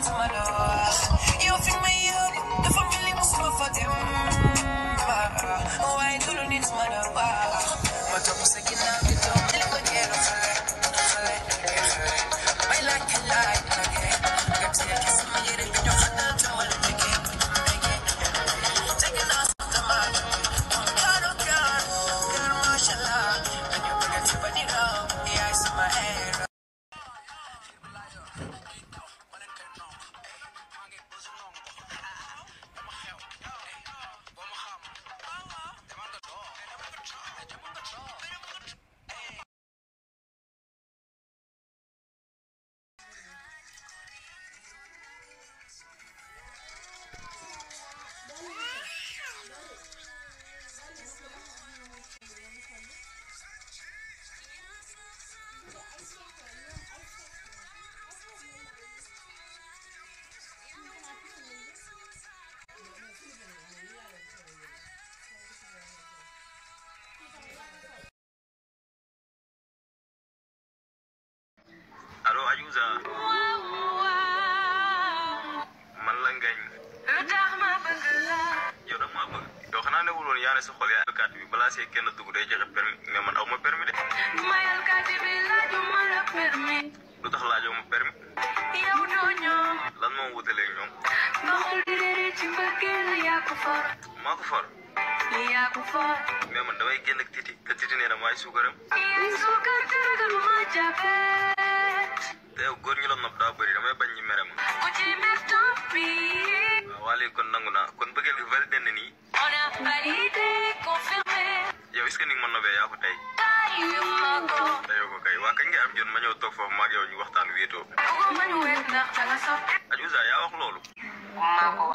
streets, my love. You feel me up, the family must go for them. Why do you need my love? My top is second, I'm the Hamza man la ngañ lu tax ma bëgg la yow dama bëgg yow xanaa ne wuloon yaa ne sa xol yaa alkaati bi balaa see day joxe permis mais ma permis de may lu tax laajoo ma permis yow doo ñoom lan moom wutalee ñoom doxul di réeré ci mbëggeel yaa ko for maa ko for yaa ko for mais man damay génn ak titi te titi nee suukaram yaa suukar te ragal ma jafe yow eh, góor ñu la nopp daa bëri damay bañ ñu mere ma. waaw ah, waa kon nangu naa kon bëggeel gi validé na nii. yow est-ce que ni nga ma nobee yaa ko tey. dayoo ko kay waa kañ nga am jot ma ñëw toog foofu ma ak ñu waxtaan wéetoo. Adiouza yaa wax loolu.